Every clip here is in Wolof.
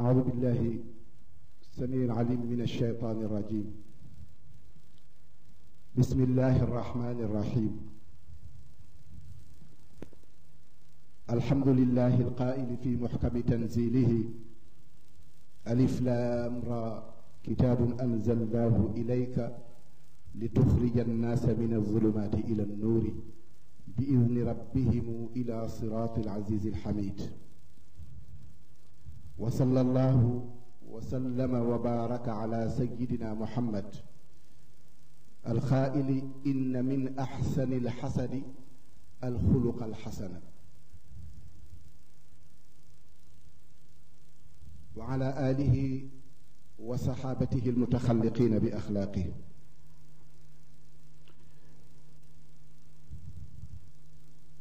أعوذ بالله السميع العليم من الشيطان الرجيم بسم الله الرحمن الرحيم الحمد لله القائل في محكم تنزيله ألف لام را كتاب أنزلناه إليك لتخرج الناس من الظلمات إلى النور بإذن ربهم إلى صراط العزيز الحميد وصلى الله وسلم وبارك على سيدنا محمد الخائل إن من أحسن الحسد الخلق الحسن وعلى آله وصحابته المتخلقين بأخلاقه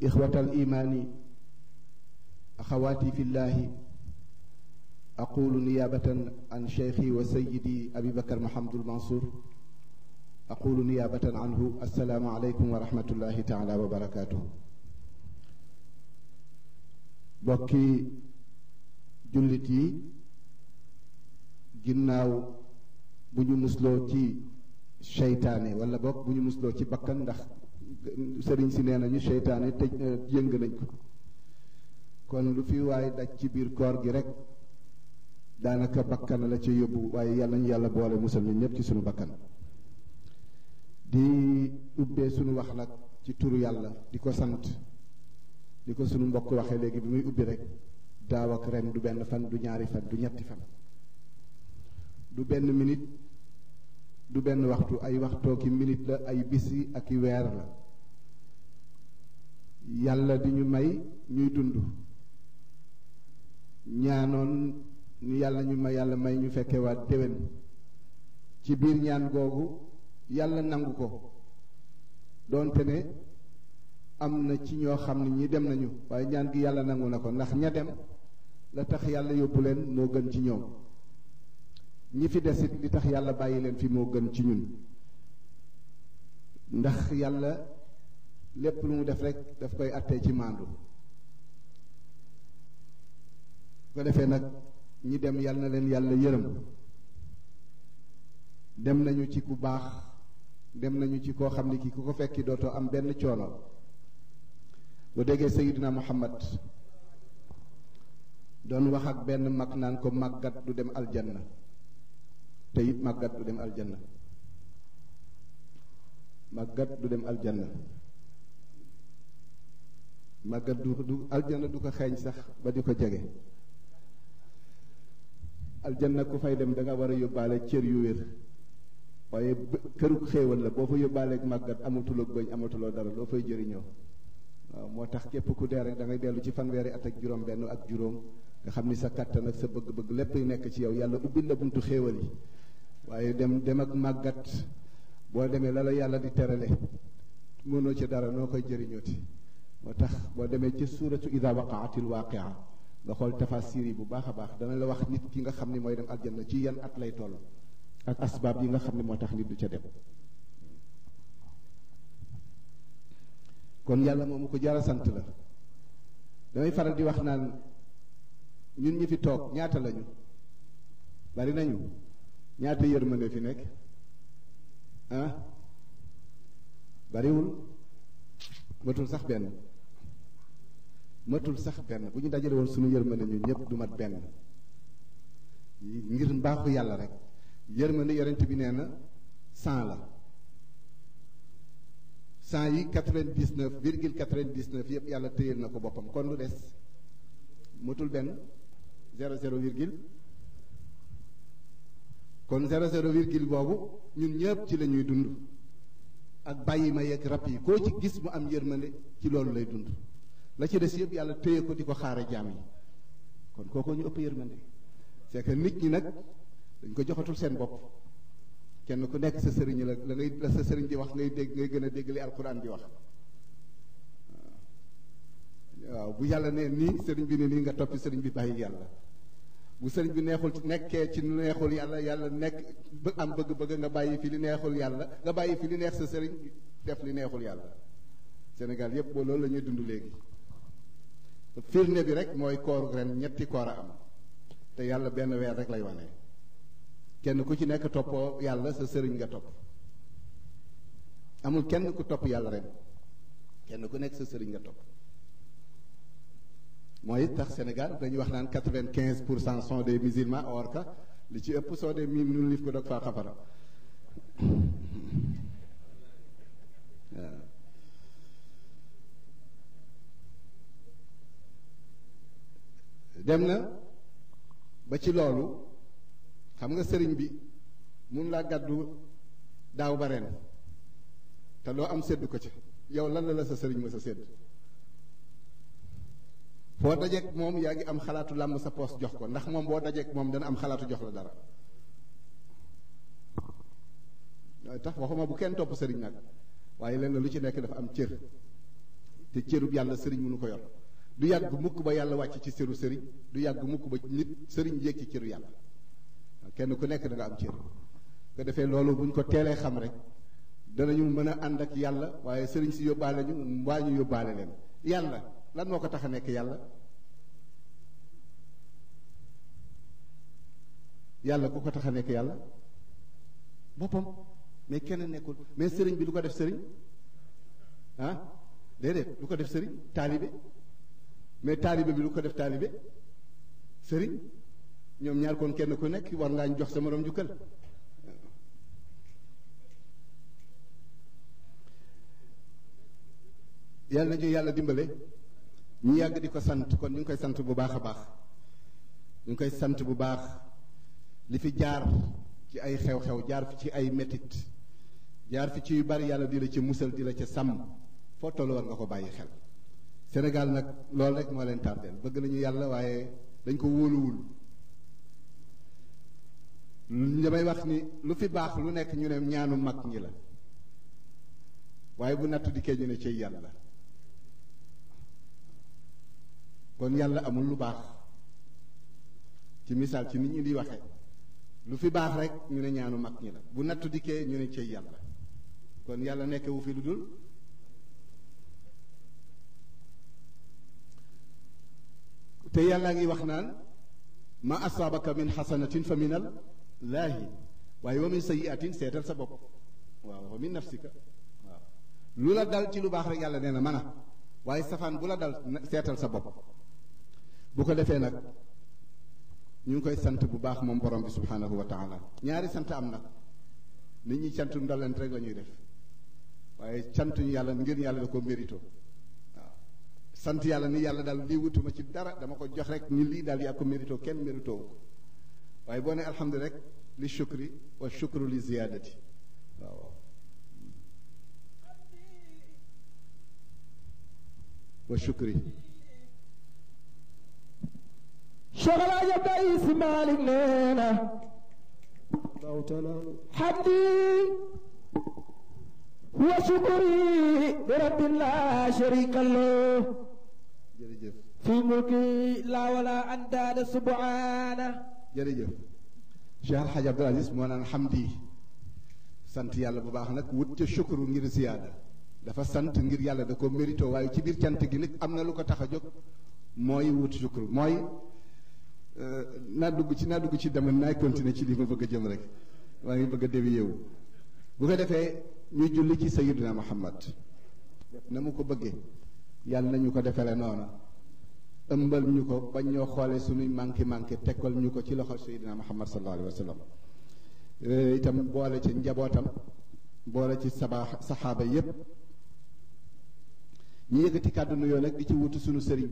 إخوة الإيمان أخواتي في الله أقول نيابة عن شيخي وسيدي أبي بكر محمد المنصور أقول نيابة عنه السلام عليكم ورحمة الله تعالى وبركاته بكي جلتي جناو بني مسلوتي شيطاني ولا بك بني مسلوتي بكن دخ سرين سنين أنا شيطاني تيجي آه، كون لو في واحد أكبر كور danaka bakkan la ci yobbu waye yalla ñu yalla boole musal ni ñëpp ci sunu bakkan di ubbe suñu wax nak ci turu yalla di ko sant di ko mbokk waxe legi bi muy ubbi rek daaw ak ren du ben fan du ñaari fan du ñetti fan du ben minute du ben waxtu ay waxto ki minute la ay bisi ak i la yalla di ñu may ñuy dundu ñaanon ñu yàlla ñu ma yàlla may ñu fekkee waat déwén ci biir ñaan googu yàlla nangu ko doonte ne am na ci ñoo xam ne ñi dem nañu waaye ñaan gi yàlla nangu na ko ndax ña dem la tax yàlla yóbbu leen moo gën ci ñoom ñi fi desit li tax yàlla bàyyi leen fii moo gën ci ñun ndax yàlla lépp lu mu def rek daf koy attee ci maandu ko defee nag ñi dem yal na leen yàlla yërëm dem nañu ci ku baax dem nañu ci koo xam ne ki ku ko fekki dootoo am benn coono bu déggee Seydina Muhammad doon wax ak benn mag naan ko màggat du dem aljanna te it màggat du dem aljanna màggat du dem aljanna màggat du du du ko xeeñ sax ba di ko jege aljanna ku fay dem da nga war a yóbbaale cër yu wér waaye këru xéewal la boo fa yóbbaaleeg màggat amatuloo bëñ amatuloo dara loo fay jariñoo waaw moo tax képp ku dee rek dangay dellu ci fanweeri at ak juróom benn ak juróom nga xam ni sa kàttan ak sa bëgg-bëgg lépp nekk ci yow yàlla ubbil la buntu xéewal yi waaye dem dem ak màggat boo demee la yàlla di terale mënoo ci dara noo koy jëriñooti moo tax boo demee ci suuratu ida waqaatil waaqia nga xol tafasir yi bu baax a baax dana la wax nit ki nga xamni moy dem aljanna ci yan at lay toll ak asbab yi nga xamni motax nit du ca dem kon yalla momu ko jara sant la damay faral di wax naan ñun ñi fi tok ñaata lañu bari nañu ñaata fi ah wul matul sax benn matul sax benn bu ñu dajale woon suñu yërmande ñu ñëpp du mat benn ngir mbaaxu yàlla rek yërmande yonent bi nee na cent la cent yi quatre-vingt-dix-neuf virgule quatre-vingt-dix-neuf yëpp yàlla téyel na ko boppam kon lu des matul benn zéro zéro virgule kon zéro zéro virgule boobu ñun ñëpp ci la ñuy dund ak bàyyi ma yeeg rab yi koo ci gis mu am yërmande ci loolu lay dund la ci des yëpp yàlla téye ko di ko xaare jaam yi kon kooko ñu ëpp yërmande c'est que nit ñi nag dañ ko joxatul seen bopp kenn ku nekk sa sëriñ la la ngay la sa sëriñ di wax ngay dégg ngay gën a dégg li alquran di wax waaw bu yàlla nee nii sëriñ bi ne nii nga toppi sëriñ bi bàyyi yàlla bu sëriñ bi neexul nekkee ci lu neexul yàlla yàlla nekk am bëgg-bëgg nga bàyyi fi li neexul yàlla nga bàyyi fi li neex sa sëriñ def li neexul yàlla Sénégal yëpp boo loolu la dund léegi firnde bi rek mooy koor ren ñetti koor a am te yàlla benn weer rek lay wane kenn ku ci nekk toppoo yàlla sa sëriñ nga topp amul kenn ku topp yàlla ren kenn ku nekk sa sëriñ nga topp mooy tax Sénégal dañuy wax naan 95 vingt pour cent sont des musulmans or que li ci ëpp soo dee mi nu nit ko dog faa xafara dem na ba ci loolu xam nga sëriñ bi mun laa gàddu daaw ba ren te loo am sédd ko ci yow lan la la sa sëriñ ma sa sedd boo dajeek moom yaa ngi am xalaatu làmb sa poos jox ko ndax moom boo dajeek moom dana am xalaatu jox la dara tax waxuma bu kenn topp sëriñ nag waaye leen la lu ci nekk dafa am cër te cërub yàlla sëriñ mënu ko yor du yàgg mukk ba yàlla wàcc ci cëru sëriñ du yàgg mukk ba nit sëriñ yéeg ci cëru yàlla kenn ku nekk da am cër ko defee loolu buñ ko teelee xam rek danañu mën a ànd ak yàlla waaye sëriñ si yóbbaale ñu mbaa ñu yóbbaale leen yàlla lan moo ko tax a nekk yàlla yàlla ku ko tax a nekk yàlla boppam mais kenn nekkul mais sëriñ bi du ko def sëriñ ah déedéet du ko def sëriñ taalibe mais talibé bi lu ko def talibé sëriñ ñom ñaar kon kenn ku nekk war nga jox sa morom jukkal yàlla nañu yalla dimbalé ñi yag di ko sant kon ñu koy sant bu baaxa baax ñu koy sant bu baax li fi jaar ci ay xew-xew jaar ci ay metit jaar fi ci yu bari yalla di la ci musal di la ci sam fo tolo war nga ko bayyi xel Sénégal nag loolu rek moo leen tardeel bëgg nañu yàlla waaye dañ ko wóoluwul damay wax ni lu fi baax lu nekk ñu ne ñaanu mag ñi la waaye bu nattu dikkee ñu ne ci yàlla kon yàlla amul lu baax ci misaal ci nit ñu di waxe lu fi baax rek ñu ne ñaanu mag ñi la bu nattu dikkee ñu ne ci yàlla kon yàlla nekkewu fi lu dul te yàllaa ngi wax naan ma asaabaka min xasanatin fa minal laahi waaye wa min sayiatin seetal sa bopp waaw wa min nafsika waaw lu la dal ci lu baax rek yàlla nee na mën waaye safaan bu la dal seetal sa bopp bu ko defee nag ñu ngi koy sant bu baax moom borom bi subhaanahu wa taala ñaari sant am nag nit ñi sant ndolent rek la ñuy def waaye cantuñu yàlla ngir yàlla da ko mérito sant yàlla ni yàlla dal lii wutuma ci dara dama ko jox rek ni li dal ya ko mérito ken mérito way bo ne alhamdu rek li shukri wa shukru li ziyadati waaw wa shukri شغلا يبدا اسماعيل نينا الله hadi wa shukri rabbil la sharika lahu fii mulki laa wala andaada subhaana jërëjëf Cheikh Alhaji Abdoul Aziz moo naan xamdi sant yàlla bu baax nag wut ca shukru ngir ziyaada dafa sant ngir yàlla da ko mérito waaye ci biir cant gi nag am na lu ko tax a jóg mooy wut shukru mooy euh, naa dugg ci naa dugg ci dama naay continuer ci li ma bëgg jëm rek maa ngi bëgg a déwi yeewu bu ko defee ñu julli ci sayiduna muhammad na mu ko bëggee yàlla nañu ko defere noona ëmbal ñu ko bañ ñoo xoolee suñuy manqué manqué tekkal ñu ko ci loxol Seydina Muhammad sallallahu alayhi wa sallam euh, itam boole ci njabootam boole ci sabaa saxaaba yépp ñu yëkkati kàddu nuyoo nag di ci wutu sunu sëriñ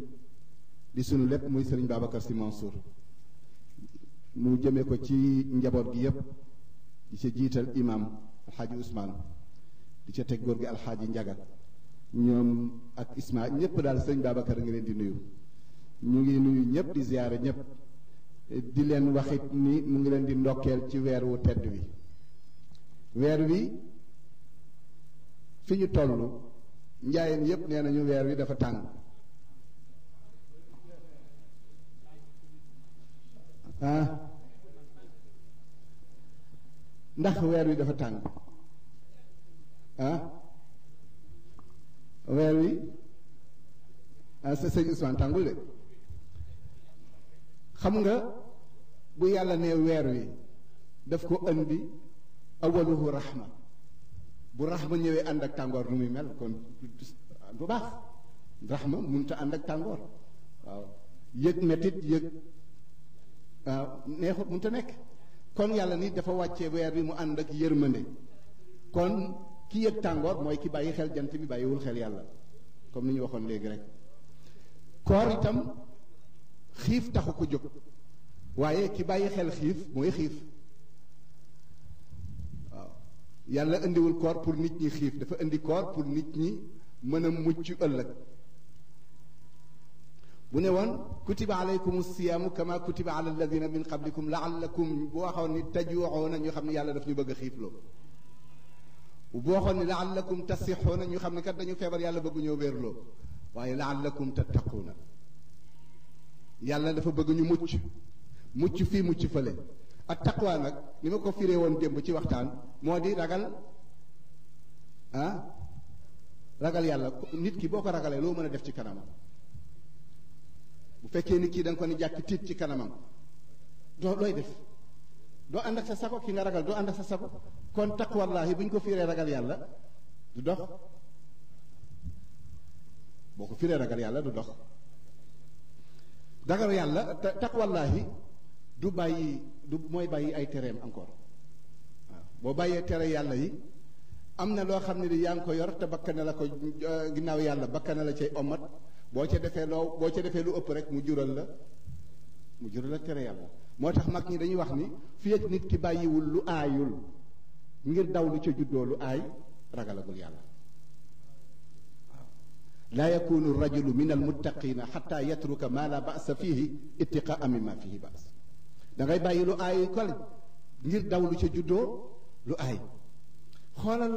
di sunu lépp muy sëriñ Babacar Sy Mansour mu jëmee ko ci njaboot gi yépp di ca jiital imaam alxaaji Ousmane di ca teg góor gi alxaaji Njaga ñoom ak Isma ñépp daal sëriñ Babacar ngi leen di nuyu ñu ngi nuyu ñëpp di ziyaara ñëpp di leen waxit ni mu ngi leen di ndokkeel ci weer wu tedd wi weer wi fi ñu toll njaayeen yëpp nee nañu weer wi dafa tàng ah ndax weer wi dafa tàng ah weer wi ah sëñ Ousmane tàngul de xam nga bu yàlla ne weer wi daf ko andi awaluhu rahma bu rahma ñëwee ànd ak tàngoor nu muy mel kon du baax rahma munta ànd ak tàngoor waaw yëg metit yëg waaw neexut munta nekk kon yàlla ni dafa wàccee weer bi mu ànd ak yërmande kon ki yëg tàngoor mooy ki bàyyi xel jant bi bàyyiwul xel yàlla comme ni ñu waxoon léegi rek koor itam خيف تاخو كو جوك وايي كي باي خيل خيف موي خيف يالا اندي ول كور بور نيت ني خيف دا فا اندي كور بور نيت ني مانا موتشي اولك بنيوان كتب عليكم الصيام كما كتب على الذين من قبلكم لعلكم بوخون تجوعون ني خامني يالا داف ني بغا خيف لو وبوخون لعلكم تصحون ني خامني كات دانيو فيبر يالا بغو نيو ويرلو waye la'allakum tattaquna yàlla dafa bëgg ñu mucc mucc fii mucc fële ak taqwa nag ni ma ko firee woon démb ci waxtaan moo di ragal ah ragal yàlla nit ki boo ko ragalee loo mën a def ci kanamam bu fekkee nit kii da ko ni jàkk tiit ci kanamam doo looy def doo ànd ak sa sago ki nga ragal doo ànd ak sa sago kon taqwallaahi bu ñu ko firee ragal yàlla du dox boo ko firee ragal yàlla du dox dagaru yàlla te taqwallaahi du bàyyi du mooy bàyyi ay tereem encore waaw boo bàyyee tere yàlla yi am na loo xam ne di yaa ngi ko yor te bakkane la ko euh, ginnaaw yàlla bakkana la cay omat boo ca defee loo boo ci defee lu ëpp rek mu jural la mu jural la tere yàlla moo tax mag ñi dañuy wax ni fii ak nit ki bàyyiwul lu aayul ngir daw lu ca juddoo lu aay ragalagul yàlla لا يكون الرجل من المتقين حتى يترك ما لا بأس فيه اتقاء مما فيه بأس دغاي باي لو اي كول غير داولو سي جودو لو اي خولال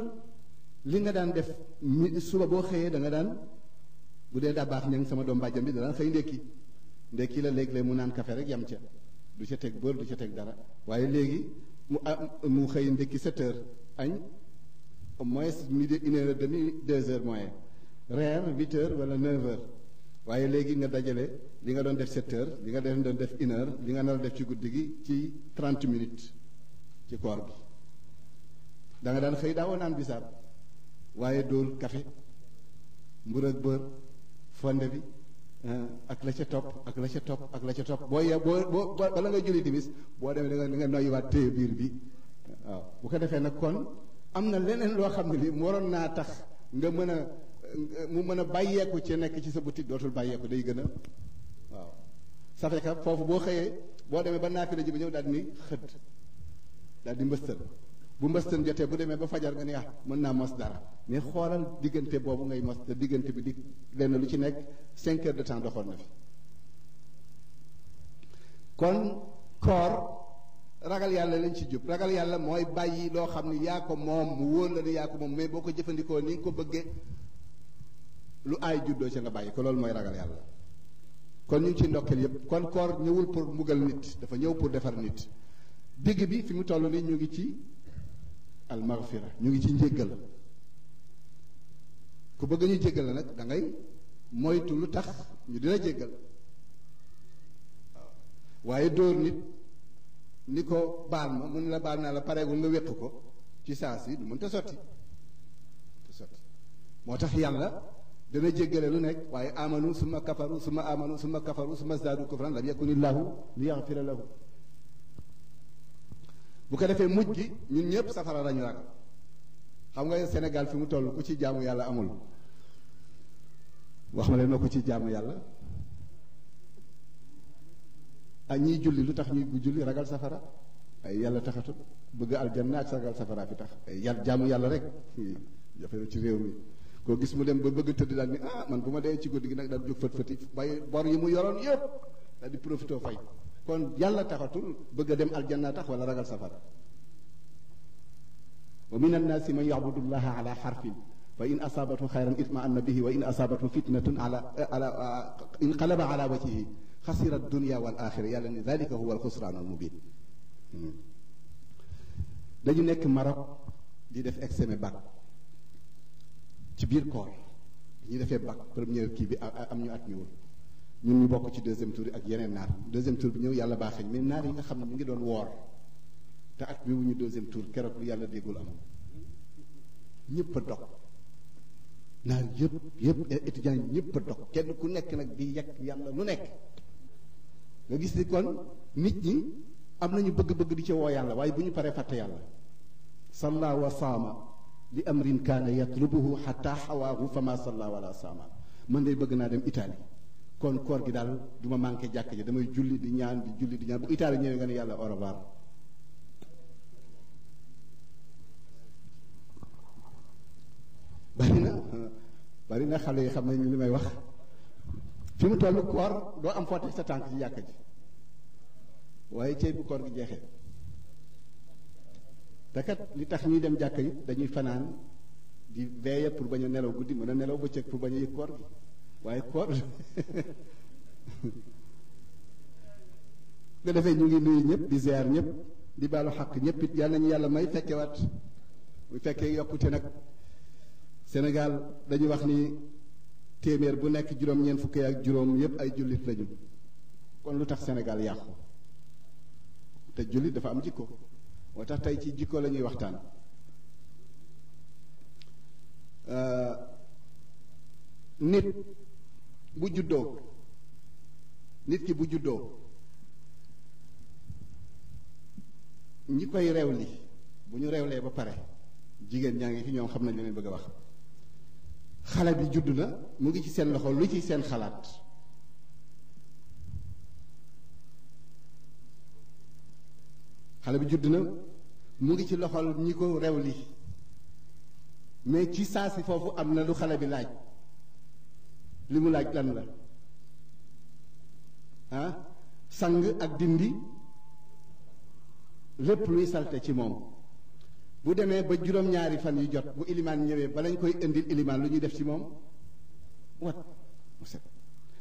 ليغا دان ديف سوبا بو خيه داغا دان بودي دا باخ نين سما دوم باجام بي دا خاي نديكي نديكي لا ليك لي مو نان كافي رك يام تي دو سي تك بور دو سي تك دارا واي ليغي مو مو خاي نديكي 7 heures اني او مويس ميدي 1 heure demi 2 heures moyenne reer huit heures wala waaye léegi nga dajale li nga doon def sept heures li nga doon def une heure li nga nar def ci guddi gi ci trente minutes ci koor gi da nga daan xëy daawoo naan bisaab waaye dóol café mbur ak bër fonde bi eh, ak la ca topp ak la ca topp ak la ca topp boo ye boo boo bala nga julli timis boo demee li nga da nga noyyiwaat biir bi waaw bu ko defee nag kon am na leneen loo xam ne li mu naa tax nga mën a mu mën a bàyyeeku ci nekk ci sa boutique dootul bàyyeeku day gën a waaw ça foofu boo xëyee boo demee ba naafi la ji ba ñëw daal di ni xëdd daal bu mbëstan jotee bu demee ba fajar nga ni ah mën naa mos dara mais xoolal diggante boobu ngay mos diggante bi di lenn lu ci nekk cinq de temps doxoon na fi kon koor ragal yàlla lañ ci jub ragal yàlla mooy bàyyi loo xam ni yaa ko moom mu wóor la yaa ko moom mais boo ko jëfandikoo ni nga ko bëggee lu aay juddoo ca nga bàyyi ko loolu mooy ragal yàlla kon ñu ngi ci ndokkeel yépp kon koor ñëwul pour mbugal nit dafa ñëw pour defar nit digg bi fi mu toll nii ñu ngi ci almaghfira ñu ngi ci njéggal ku bëgg ñu jéggal la nag dangay ngay moytu lu tax ñu dina jéggal waaye dóor nit ni ko baal ma mu ne la baal naa la pareegul nga wéq ko ci saa si du mën sotti moo tax yàlla dana jéggale lu nekk waaye amanu summa kafaru summa amanu summa kafaru summa zaadu kufran lam yakunillaahu li yaxfira lahu bu ko defee mujj gi ñun ñëpp safara lañu rag xam nga Sénégal fi mu tollu ku ci jaamu yàlla amul wax ma leen na ku ci jaamu yàlla ak ñiy julli lu tax ñuy julli ragal safara ay yàlla taxatul bëgg aljanna ak ragal safara fi tax ay yàlla jaamu yàlla rek jafe ci réew mi koo gis mu dem ba bëgg tëdd daal ni ah man bu ma dee ci guddi gi nag daal jóg fët fëti bàyyi bor yi mu yoroon yëpp daal di profité fay kon yàlla taxatul bëgg a dem aljanna tax wala ragal safara wa min annaasi man yabudu llaha ala xarfin fa in asaabathu xayran itmaanna bihi wa in asaabathu fitnatun ala ala inqalaba ala wajhihi xasira dunia wal axira yàlla ni dalika huwa alxusraan almubin dañu nekk Maroc di def examen bac ci biir koor bi ñu defee bac première kii bi am ñu at ñu ñun ñu bokk ci deuxième tour ak yeneen naar deuxième tour bi ñëw yàlla baaxee mais naar yi nga xam ne ñu ngi doon woor te at bi wuñu deuxième tour keroog lu yàlla déggul am ñëpp a dog naar yëpp yëpp eh, étudiants yi ñëpp a dog kenn ku nekk nag bi yekk yàlla lu nekk nga gis ni kon nit ñi am nañu bëgg-bëgg di ci woo yàlla waaye bu ñu paree fàtte yàlla salla wa li amrin kaana yatlubuhu xata xawaahu fama salla wala sama man day bëgg naa dem Italie kon koor gi daal duma ma manqué jàkk ji damay julli di ñaan di julli di ñaan bu Italie ñëwee nga ne yàlla au bari na bari na xale yi xam nañu li may wax fi mu toll koor doo am foo teg sa tànk ci jàkk ji waaye cey bu koor gi jeexee te li tax ñuy dem jàkka yi dañuy fanaan di veille pour bañ a nelaw guddi mën a nelaw bëccëg pour bañ a yëg koor gi waaye koor nga defee ñu ngi nuyu ñëpp di ziar ñëpp di balu xaq ñëpp it yàlla nañu yàlla may fekkewaat bu fekkee yokkute nag Sénégal dañu wax ni téeméer bu nekk juróom-ñeent fukki ak juróom yëpp ay jullit lañu kon lu tax Sénégal yàqu te jullit dafa am jikko moo tax tey ci jikko lañuy waxtaan euh, nit bu juddoo nit ki bu juddoo ñi koy reew li bu ñu reewlee ba pare jigéen ñaa ngi fi ñoom xam nañ leen bëgg a wax xale bi judd na mu ngi ci seen loxo lu ci seen xalaat xale bi judd na mu ngi ci loxol ñi ko rew li mais ci saa si foofu am na lu xale bi laaj li mu laaj lan la ah sang ak dindi lépp luy salte ci moom bu demee ba juróom-ñaari fan yu jot bu ilimaan ñëwee ba lañ koy indil ilimaan lu ñuy def ci moom wat mu set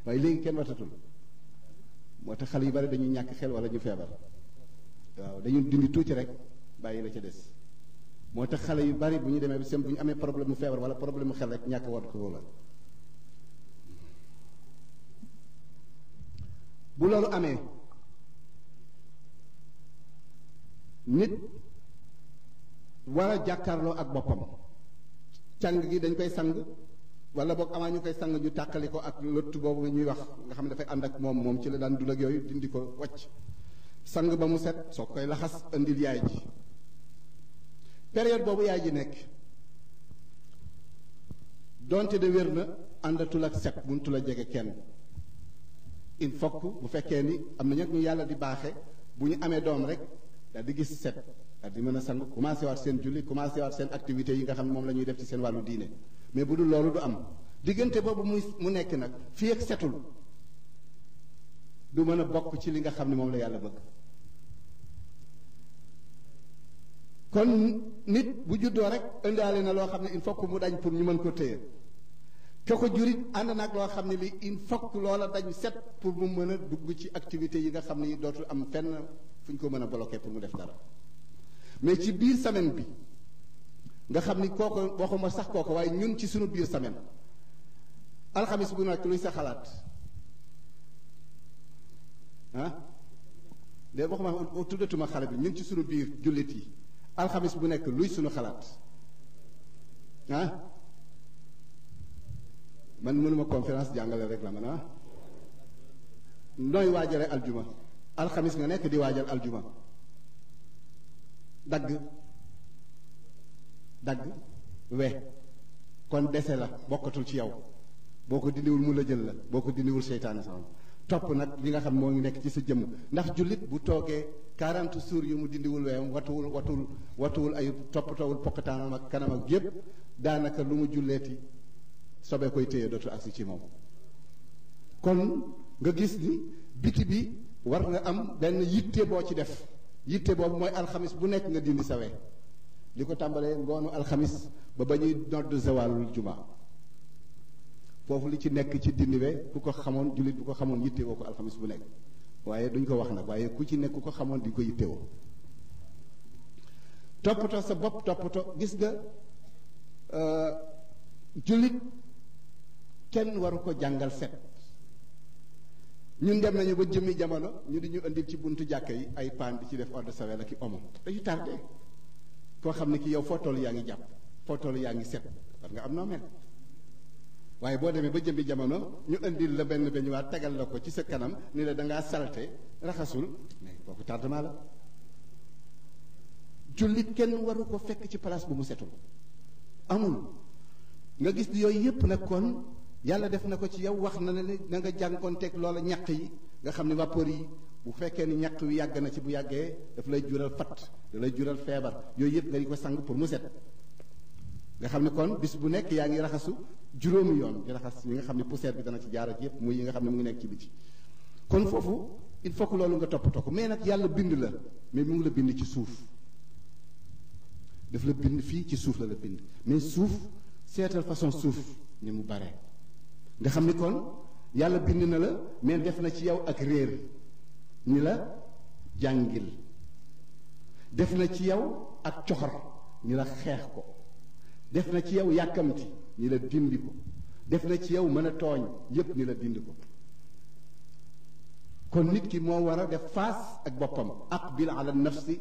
waaye léegi kenn watatul moo tax xale yu bari dañuy ñàkk xel wala ñu feebar waaw dañu dindi tuuti rek bàyyi la ca des moo tax xale yu bari bu ñu demee ba sem bu ñu amee problème mu feebar wala problème mu xel rek ñàkk wat ko la bu loolu amee nit war a jàkkaarloo ak boppam cang gi dañ koy sang wala boog amaa ñu koy sang ñu tàqali ko ak lëtt boobu ñuy wax nga xam ne dafay ànd ak moom moom ci la daan dul ak yooyu dindi ko wàcc sang ba mu set soo koy laxas indil yaay ji période boobu yaay ji nekk donte de wér na àndatul ak sek mënutul a jege kenn il faut bu fekkee ni am na ñag ñu yàlla di baaxe bu ñu amee doom rek daal di gis set daal di mën a sang commencé waat seen julli commencé waat seen activité yi nga xam moom def ci seen wàllu diine mais bu dul loolu du am diggante boobu muy mu nekk nag fii ak setul du mën a bokk ci li nga xam ne moom la yàlla bëgg kon nit bu juddoo rek indaale na loo xam ne il faut que mu dañ pour ñu mën ko téye ke ko jurit ànd nag loo xam ne li il faut que loola dañ set pour mu mën a dugg ci activité yi nga xam ne yi dootul am fenn fu ñu ko mën a bloqué pour mu def dara mais ci biir semaine bi nga xam ni kooko waxuma sax kooko waaye ñun ci sunu biir semaine alxamis bu nekk luy sa xalaat ah de waxuma tuddatuma xale bi ñun ci sunu biir jullit yi alxamis bu nekk luy suñu xalaat ah man mënuma conférence jàngale rek la man ah nooy waajale aljuma alxamis nga nekk di waajal aljuma dagg dagg we kon dese la bokkatul ci yow boo ko dindiwul mu la jël la boo ko dindiwul seytaane sama topp nag li nga xam moo ngi nekk ci sa jëmm ndax jullit bu toogee 40 suur yu mu dindiwul weewam watuwul watul watuwul ay toppatoowul pokkataanam ak kanam ak yépp daanaka lu mu julleeti sobee koy téye dootul agsi ci moom kon nga gis ni biti bi war nga am benn yitte boo ci def yitte boobu mooy alxamis bu nekk nga dindi sawee li ko tàmbalee ngoonu alxamis ba ba ñuy nodd zawalul jumaa foofu li ci nekk ci dindiwe ku ko xamoon julit bu ko xamoon yittewoo ko alhamis bu nekk waaye duñ ko wax nag waaye ku ci nekk ku ko xamoon di ko yittewoo toppatoo sa bopp toppatoo gis nga euh, julit kenn waru ko jangal set ñun dem nañu ba jëmmi jamono ñu di ñu andil ci buntu ay di ci def ordre ki ak i omo dañu tardé koo xam ne ki yow foo toll yaa ngi jàpp set war nga am mel waaye boo demee ba jëmbi jamono ñu indil la benn beñ waa tegal la ko ci sa kanam ni la da ngaa salte raxasul mais kooku tardement la julli kenn waru ko fekk ci place bu mu setul amul nga gis yooyu yëpp nag kon yàlla def na ko ci yow wax na ne na nga teg loola ñaq yi nga xam ne vapeur yi bu fekkee ni ñaq wi yàgg na ci bu yàggee daf lay jural fat da lay jural feebar yooyu yëpp nga di ko sang pour mu set nga xam ne kon bis bu nekk yaa ngi raxasu juróomi yoon di raxas yi nga xam ne poussière bi dana ci jaar ak yépp muy yi nga xam ne mu ngi nekk ci biti kon foofu il faut loolu nga toppatoo ko mais nag yàlla bind la mais mu ngi la bind ci suuf la bind fii ci suuf la bind mais suuf seetal façon suuf ni mu nga xam ni kon yàlla bind na la mais def na ci yow ak réer ni la jàngil def na ci yow ak coxor ni la xeex ko defna ci yow yakamti ni la dindi ko defna ci yow meuna a yep ni la dindi ko kon nit ki mo wara def face ak bopam aqbil ala nafsi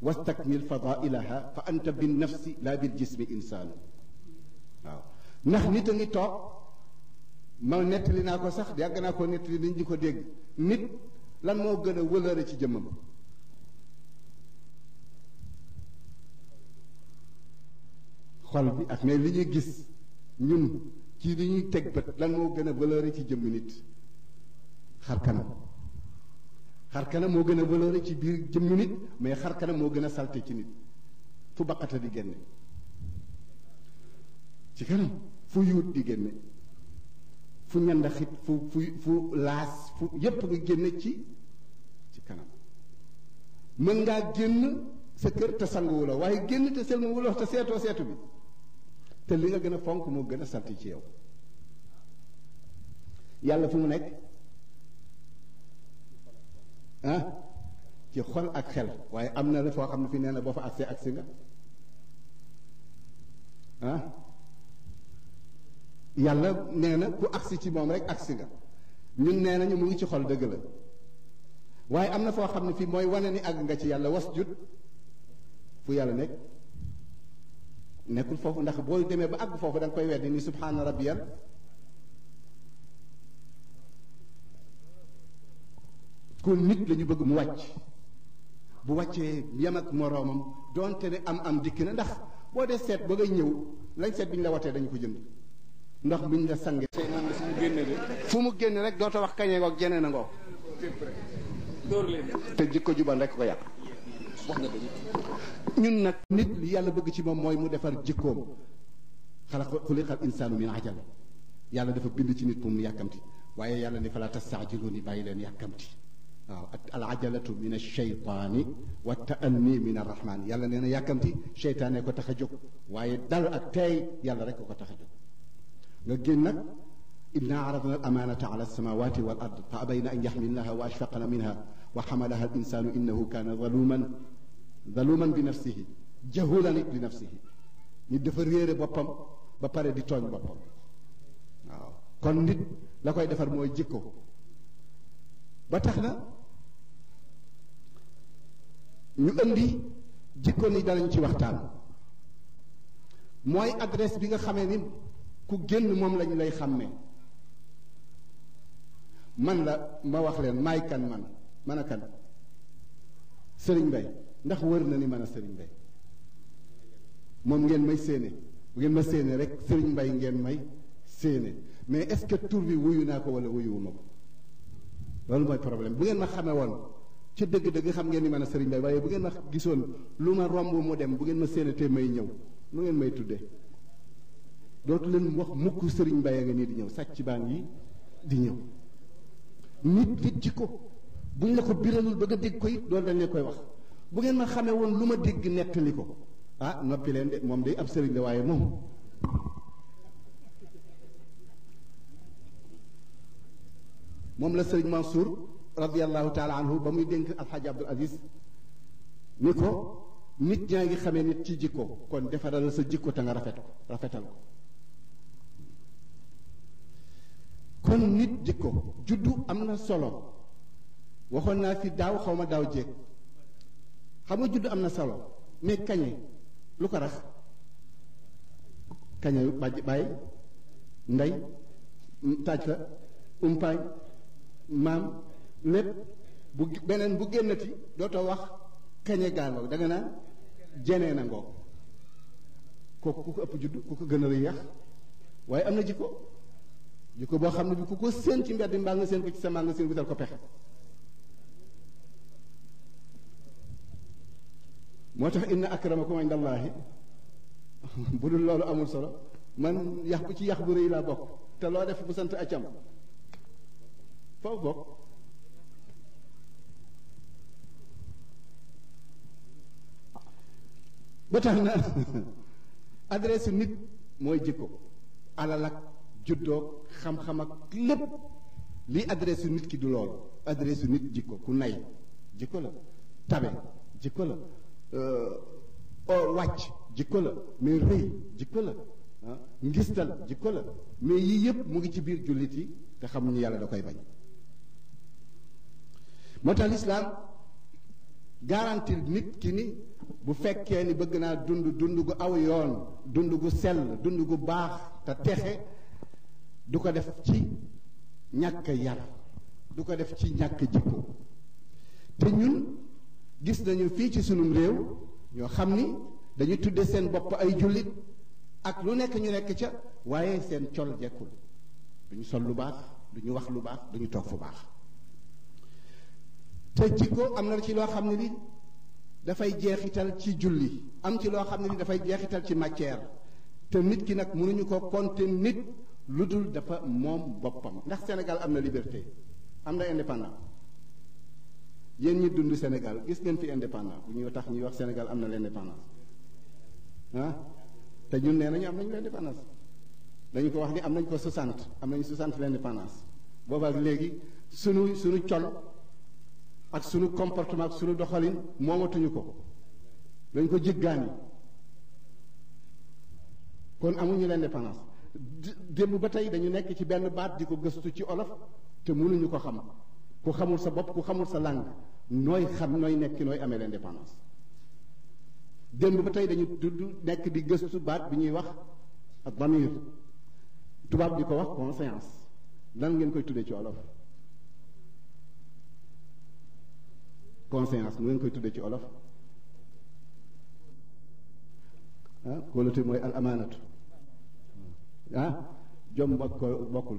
wastakmil fadailaha fa anta bin nafsi la bil jism insan waaw nax nit a ngi toog ma nettali na ko sax yàgg na ko nettali nit di ko dégg nit lan mo gën wëlëre ci jëmmam xol bi ak mais li ñuy gis ñun ci li ñuy teg bët lan moo gën a valeur ci jëmm nit xar kanam xar kanam moo gën a valeur ci biir jëmm mais xar moo gën a salte ci nit fu baqata di génne ci kanam fu yuut di génne fu ñandaxit fu fu fu laas fu yépp nga génne ci ci kanam mën ngaa génn sa kër te sanguwuloo waaye génn te selmawuloo te seetoo seetu bi te li nga gën a fonk moo gën a sarti ci yow yàlla fu mu nekk ah ci xol ak xel waaye am na la foo xam ne fi nee na boo fa agsi agsi nga ah yàlla nee na ku agsi ci moom rek agsi nga ñun nee nañu mu ngi ci xol dëgg la waaye am na foo xam ne fii mooy wane ni àgg nga ci yàlla was wasjud fu yàlla nekk nekkul foofu ndax booy demee ba àgg foofu da nga koy weddi ni subhaana rabbiyal kon nit la bëgg mu wàcc bu wàccee yem ak moroomam doonte ne am am dikk na ndax boo dee seet ba ngay ñëw lañ seet bi ñu la watee dañu ko jënd ndax biñ la sangee fu mu génn rek dooto wax kañee ngoog jeneen a ngoog te jikko jubal rek ko yàq ñun nag nit li yàlla bëgg ci moom mooy mu defar jikkoom xalaqa xuliqal insaanu min ajal yàlla dafa bind ci nit pour mu yàkkamti waaye yàlla ne fala tastaajiluuni bàyyi leen yàkkamti waaw al ajalatu min alcheytaani wa taanni min arrahmaan yàlla nee na yàkkamti cheytaane ko tax a jóg waaye dal ak teey yàlla rek ko tax a jóg nga génn nag إنا عرضنا الأمانة على السماوات والأرض فأبين أن يحملنها وأشفقن منها وحملها الإنسان إنه كان ظلوما zaluman bi nafsihi jahulan li nafsihi nit dafa réere boppam ba pare di tooñ boppam waaw kon nit la koy defar mooy jikko ba tax na ñu indi jikko ni danañ ci waxtaan mooy adresse bi nga xamee ni ku génn moom lañu lay xàmmee man la ma wax leen maay kan man man a kan Sëriñ Mbay ndax wër na ni mën a sëriñ Mbay moom ngeen may séene ngeen ma séene rek sëriñ Mbay ngeen may séené mais est-ce que tur bi wuyu naa ko wala wuyuwuma ko loolu mooy problème bu ngeen ma xamee woon ci dëgg-dëgg xam ngeen ni mën a sëriñ Mbay waaye bu ngeen ma gisoon lu ma romb mu dem bu ngeen ma séenatee may ñëw nu ngeen may tuddee dootu leen wax mukk sëriñ Mbay a nga nii di ñëw sàcc baan ngi di ñëw nit nit ci ko ñu la ko biralul ba nga dégg ko it loolu dañ leen koy wax bu ngeen ma xamee woon lu ma dégg nettali ko ah noppi leen de moom day ab sëriñ la waaye moom moom la sëriñ Mansour radiallahu taala anhu ba muy dénk alxaaji Abdul Aziz ni ko nit ñaa ngi xame nit ci jikko kon defaral sa jikko te nga rafet ko rafetal ko kon nit jikko juddu am na solo waxoon naa fi daaw xaw ma daaw jéeg xam nga judd am na solo mais kañe lu ko rax kañe bàjj bàyyi ndey taaj fa umpaañ maam lépp bu beneen bu génnati dootoo wax kañe gaangoog da nga naan jenee na ngoog kooku ku ko ëpp judd ku ko gën a la yax waaye am na jikko jikko boo xam ne bi ku ko séen ci mbedd mbaa nga séen ko ci sa mbaa nga séen wutal ko pexe moo tax inna akramakum indallaahi bu dul loolu amul solo man yax bu ci yax bu rëy laa bokk te loo def bu sant acam faw bokk ba tax na adresse nit mooy jikko alal ak juddoo xam-xam ak lépp lii adresse nit ki du loolu adresse nit jikko ku nay jikko la tabe jikko la Euh, oh, wàcc jikko la mais rëy jikko la ah ngistal jikko la mais yii yëpp mu ngi ci biir jullit yi te xamuñu yàlla da koy bañ moo tax lislaam garantir nit ki ni bu fekkee ni bëgg naa dund dund gu aw dund gu sell dund gu baax te texe du ko def ci ñàkk yar du ko def ci ñàkk jikko te ñun gis nañu fii ci sunum réew ñoo xam ni dañu tudde seen bopp ay jullit ak lu nekk ñu nekk ca waaye seen col jekkul duñu sol lu baax duñu wax lu baax duñu toog fu baax te jikko am na ci loo xam ne li dafay jeexital ci julli am ci loo xam ne li dafay jeexital ci matière te nit ki nag mënuñu ko compter nit lu dul dafa moom boppam ndax senegal am na liberté am na indépendance yéen ñi dund Sénégal gis ngeen fi indépendant bu ñuy tax ñuy wax Sénégal am na l'indépendance ah te ñun nee nañu am nañu l'indépendance dañu ko wax ni am nañ ko 60 am nañu 60 l'indépendance boobaak léegi sunu sunu col ak sunu comportement ak sunu doxalin moomatuñu ko dañ ko jiggaani kon amuñu leen l'indépendance démb ba tey dañu nekk ci benn baat di ko gëstu ci olof te mënuñu ko xam ku xamul sa bopp ku xamul sa langue nooy xam nooy nekk nooy amee l'indépendance démb ba tey dañu tudd nekk di gëstu baat bi ñuy wax ak damir tubaab di ko wax conscience lan ngeen koy tuddee ci olof conscience mu ngeen koy tuddee ci olof ah kóolute mooy al amaanatu ah jom ak ko bokkul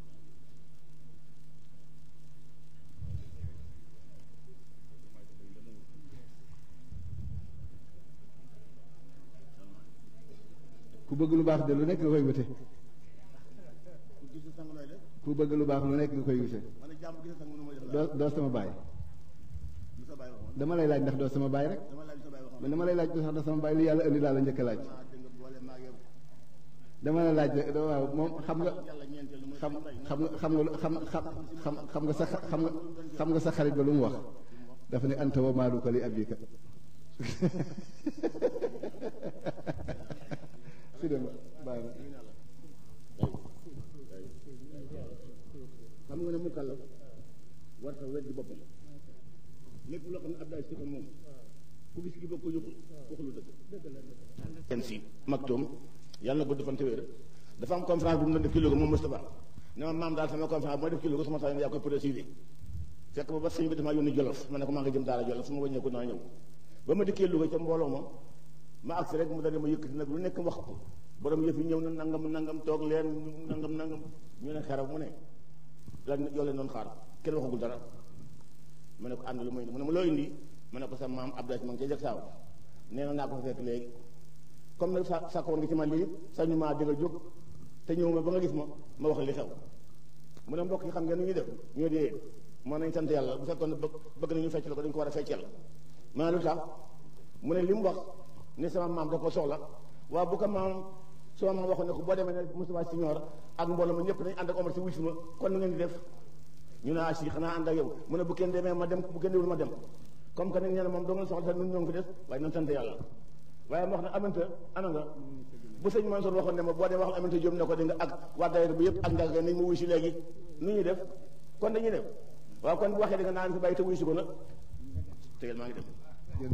bëgg lu baax de lu nekk nga koy wute ku bëgg lu baax lu nekk nga koy wute doo doo sama baay dama lay laaj ndax doo sama baay rek man dama lay laaj ndax doo sama baay lu yàlla indi laa la njëkk a laaj dama la laaj rek waaw moom xam nga xam xam nga xam nga xam xam xam nga sa xam nga xam nga sa xarit ba lu mu wax dafa ne anta wa maaluka li abika si dem ma xam nga ne mu kàllaf war sa weddi boppam lépp loo xam ne Abdoulaye Sifan moom ku gis ki bokk ñu waxulu dëgg kenn si Maktoum yàlla na gudd fan te wér dafa am conférence bu mu doon def kii Louga moom Moustapha ne ma maam daal sama conférence bu may def kii Louga sama saa yaa koy présider fekk ba ba sëñ bi dafa maa yónni Jolof ma ne ko maa ngi jëm daara Jolof su ma wàññeeku naa ñëw ba ma dikkee Louga ca mbooloo ma ma ak rek mu daal ma yëkkati nag lu nekk wax ko borom yëf yi ñëw na nangam nangam toog leen nangam nangam ñu ne xeram mu ne la yow leen doon xaar kenn waxagul dara ma ne ko ànd lu may indi mu ne ma loo indi ma ne ko sa maam Abdoulaye ma ngi cay jag saaw nee na naa ko fekk léegi comme nag sa sàkkoon nga ci man lii sañu maa dëgg jóg te ñëw ma ba nga gis ma ma wax li xew mu ne mbokk yi xam ngeen nu ñuy def ñoo dee mën nañ sant yàlla bu fekkoon ne bëgg nañu feccal ko dañ ko war a feccal ma ne lu tax mu ne li mu wax ne sama maam da ko soxla waaw bu ko maam sama maam waxoon ne ko boo demee ne Moustapha Signor ak mbooloo ma ñëpp nañ ànd ak Omar si wuy suma kon nu ngeen di def ñu ne si ah, xanaa mu bu kenn demee ma dem bu kenn demul ma dem comme que nag nee moom doo ngeen soxla ñun ñoo ngi fi des waaye ma wax ne amante ne ma boo dee wax amante Diop ko di nga ak waa daayira bu yëpp ak nga wuy si léegi nu ñuy def kon dañuy def waaw kon bu waxee da naa naan fi bàyyi te wuy si ko nag tegal maa ngi dem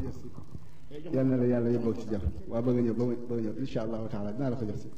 yal na la yàlla yóbbu ci jàmm waa ba nga ñëw ba nga ñëw incha allahu taala dinaa la ko jox si